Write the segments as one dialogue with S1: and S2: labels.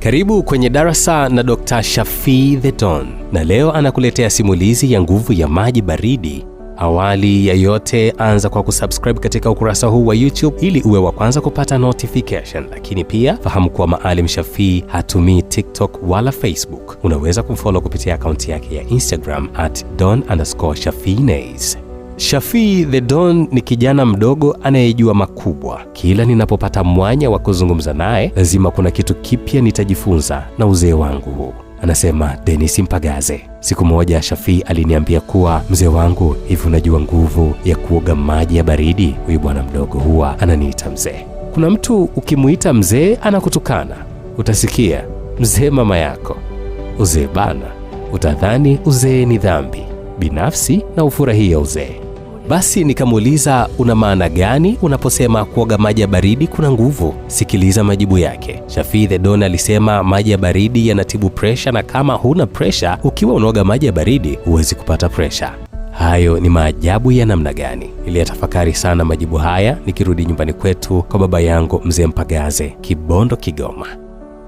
S1: Karibu kwenye darasa na Dr. Shafii The Don, na leo anakuletea simulizi ya nguvu ya maji baridi. Awali ya yote, anza kwa kusubscribe katika ukurasa huu wa YouTube ili uwe wa kwanza kupata notification, lakini pia fahamu kuwa Maalim Shafii hatumii TikTok wala Facebook. Unaweza kumfolo kupitia akaunti yake ya Instagram at don underscore shafiinays. Shafii the Don ni kijana mdogo anayejua makubwa. Kila ninapopata mwanya wa kuzungumza naye, lazima kuna kitu kipya nitajifunza na uzee wangu huu, anasema Dennis Mpagaze. Siku moja Shafii aliniambia kuwa, mzee wangu, hivi unajua nguvu ya kuoga maji ya baridi? Huyu bwana mdogo huwa ananiita mzee. Kuna mtu ukimuita mzee anakutukana, utasikia mzee mama yako, uzee bana, utadhani uzee ni dhambi binafsi na ufurahia uzee. Basi nikamuuliza una maana gani unaposema kuoga maji ya baridi kuna nguvu? Sikiliza majibu yake. Shafii The Don alisema maji ya baridi yanatibu presha, na kama huna presha ukiwa unaoga maji ya baridi huwezi kupata presha. Hayo ni maajabu ya namna gani! Niliyatafakari sana majibu haya nikirudi nyumbani kwetu kwa baba yangu mzee Mpagaze, Kibondo, Kigoma.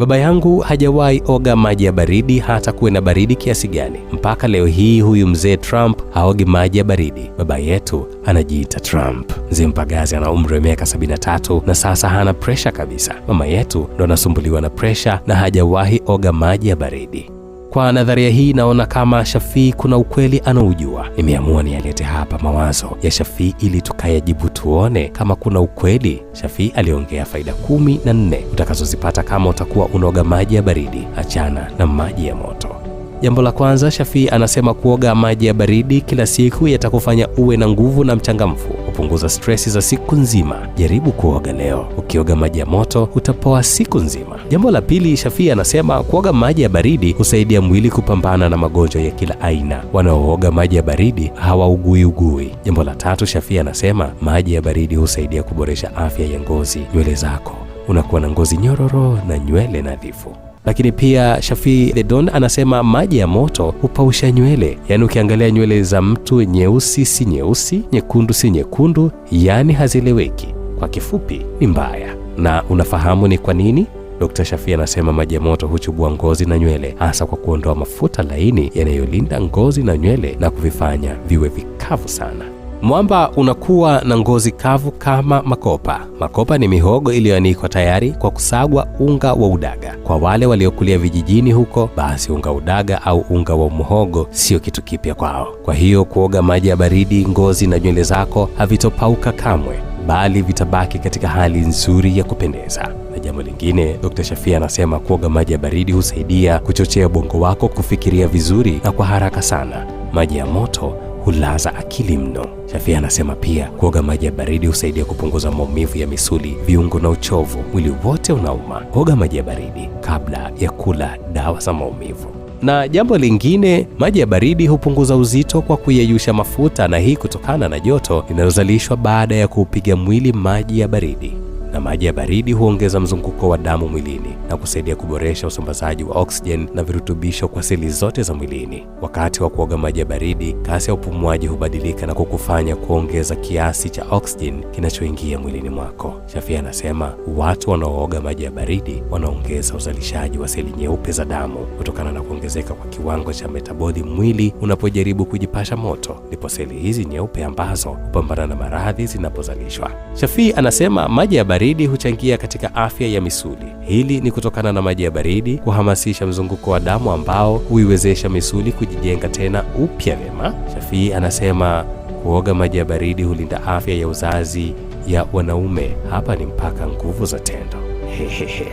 S1: Baba yangu hajawahi oga maji ya baridi hata kuwe na baridi kiasi gani. Mpaka leo hii huyu mzee Trump haogi maji ya baridi. Baba yetu anajiita Trump. Mzee Mpagazi ana umri wa miaka 73 na sasa hana presha kabisa. Mama yetu ndo anasumbuliwa na presha na hajawahi oga maji ya baridi. Kwa nadharia hii, naona kama Shafii kuna ukweli anaujua Nimeamua niyalete hapa mawazo ya Shafii ili tukayajibu, tuone kama kuna ukweli. Shafii aliongea faida kumi na nne utakazozipata kama utakuwa unaoga maji ya baridi, achana na maji ya moto. Jambo la kwanza, Shafii anasema kuoga maji ya baridi kila siku yatakufanya uwe na nguvu na mchangamfu, hupunguza stresi za siku nzima. Jaribu kuoga leo. Ukioga maji ya moto utapoa siku nzima. Jambo la pili, Shafii anasema kuoga maji ya baridi husaidia mwili kupambana na magonjwa ya kila aina. Wanaooga maji ya baridi hawaugui ugui. Jambo la tatu, Shafii anasema maji ya baridi husaidia kuboresha afya ya ngozi. Nywele zako unakuwa na ngozi nyororo na nywele nadhifu. Lakini pia Shafii The Don anasema maji ya moto hupausha nywele, yaani ukiangalia nywele za mtu nyeusi si nyeusi, nyekundu si nyekundu, yaani hazieleweki. Kwa kifupi ni mbaya, na unafahamu ni kwa nini? Dr. Shafii anasema maji ya moto huchubua ngozi na nywele, hasa kwa kuondoa mafuta laini yanayolinda ngozi na nywele na kuvifanya viwe vikavu sana. Mwamba unakuwa na ngozi kavu kama makopa. Makopa ni mihogo iliyoanikwa tayari kwa kusagwa unga wa udaga. Kwa wale waliokulia vijijini huko, basi unga udaga au unga wa muhogo sio kitu kipya kwao. Kwa hiyo kuoga maji ya baridi, ngozi na nywele zako havitopauka kamwe, bali vitabaki katika hali nzuri ya kupendeza. Na jambo lingine, Dr. Shafia anasema kuoga maji ya baridi husaidia kuchochea ubongo wako kufikiria vizuri na kwa haraka sana. Maji ya moto hulaza akili mno. shafia anasema pia kuoga maji ya baridi husaidia kupunguza maumivu ya misuli, viungo na uchovu. Mwili wote unauma, oga maji ya baridi kabla ya kula dawa za maumivu. Na jambo lingine, maji ya baridi hupunguza uzito kwa kuyeyusha mafuta, na hii kutokana na joto linalozalishwa baada ya kuupiga mwili maji ya baridi na maji ya baridi huongeza mzunguko wa damu mwilini na kusaidia kuboresha usambazaji wa oksijen na virutubisho kwa seli zote za mwilini. Wakati wa kuoga maji ya baridi, kasi ya upumuaji hubadilika na kukufanya kuongeza kiasi cha oksijen kinachoingia mwilini mwako. Shafii anasema watu wanaooga maji ya baridi wanaongeza uzalishaji wa seli nyeupe za damu kutokana na kuongezeka kwa kiwango cha metaboli mwili unapojaribu kujipasha moto, ndipo seli hizi nyeupe ambazo hupambana na maradhi zinapozalishwa. Shafii anasema maji ya baridi baridi huchangia katika afya ya misuli. Hili ni kutokana na maji ya baridi kuhamasisha mzunguko wa damu ambao huiwezesha misuli kujijenga tena upya vyema. Shafii anasema kuoga maji ya baridi hulinda afya ya uzazi ya wanaume. Hapa ni mpaka nguvu za tendo. Hehehe.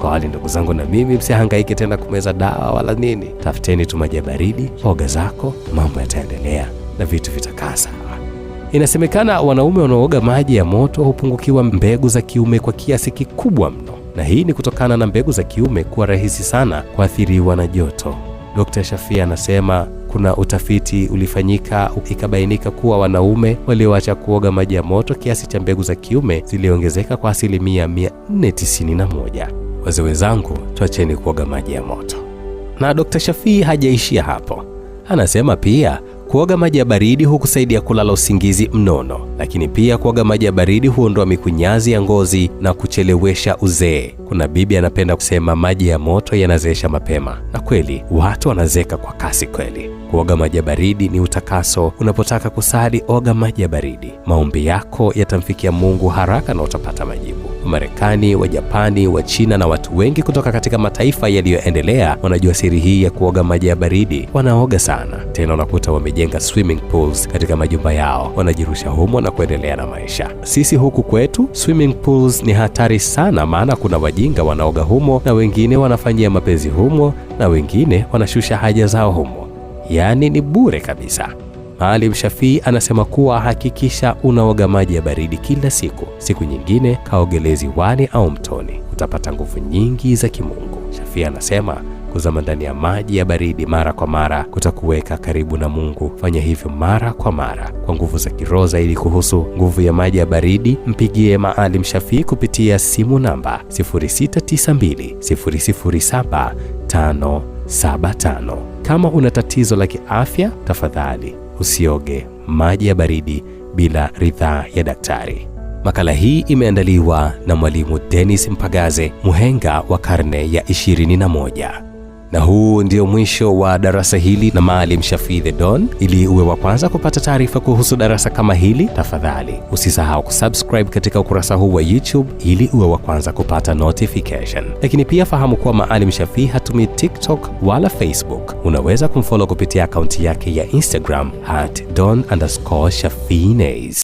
S1: Kwa wale ndugu zangu na mimi, msihangaike tena kumeza dawa wala nini, tafuteni tu maji ya baridi, oga zako, mambo yataendelea na vitu vitakaa sawa. Inasemekana wanaume wanaooga maji ya moto hupungukiwa mbegu za kiume kwa kiasi kikubwa mno, na hii ni kutokana na mbegu za kiume kuwa rahisi sana kuathiriwa na joto. Dr. Shafia anasema kuna utafiti ulifanyika ikabainika kuwa wanaume walioacha kuoga maji ya moto kiasi cha mbegu za kiume ziliongezeka kwa asilimia 491. Wazee wenzangu, tuacheni kuoga maji ya moto. Na Dr. Shafii hajaishia hapo, anasema pia Kuoga maji ya baridi hukusaidia kulala usingizi mnono, lakini pia kuoga maji ya baridi huondoa mikunyazi ya ngozi na kuchelewesha uzee. Kuna bibi anapenda kusema maji ya moto yanazeesha mapema, na kweli watu wanazeeka kwa kasi kweli. Kuoga maji ya baridi ni utakaso. Unapotaka kusali, oga maji ya baridi. Maombi yako yatamfikia Mungu haraka na utapata majibu. Wamarekani, Wajapani, Wachina na watu wengi kutoka katika mataifa yaliyoendelea wanajua siri hii ya kuoga maji ya baridi. Wanaoga sana tena, unakuta wamejenga swimming pools katika majumba yao, wanajirusha humo na kuendelea na maisha. Sisi huku kwetu swimming pools ni hatari sana, maana kuna wajinga wanaoga humo, na wengine wanafanyia mapenzi humo, na wengine wanashusha haja zao humo yaani ni bure kabisa. Maalim Shafii anasema kuwa hakikisha unaoga maji ya baridi kila siku. Siku nyingine kaogelee ziwani au mtoni, utapata nguvu nyingi za kimungu. Shafii anasema kuzama ndani ya maji ya baridi mara kwa mara kutakuweka karibu na Mungu. Fanya hivyo mara kwa mara. Kwa nguvu za kiroho zaidi kuhusu nguvu ya maji ya baridi, mpigie Maalim Shafii kupitia simu namba 0692 007 75. Kama una tatizo la kiafya, tafadhali usioge maji ya baridi bila ridhaa ya daktari. Makala hii imeandaliwa na Mwalimu Dennis Mpagaze, muhenga wa karne ya 21. Na huu ndio mwisho wa darasa hili na Maalim Shafii The Don. Ili uwe wa kwanza kupata taarifa kuhusu darasa kama hili, tafadhali usisahau kusubscribe katika ukurasa huu wa YouTube ili uwe wa kwanza kupata notification. Lakini pia fahamu kuwa Maalim Shafii hatumii TikTok wala Facebook. Unaweza kumfolo kupitia akaunti yake ya Instagram at don_shafiinays.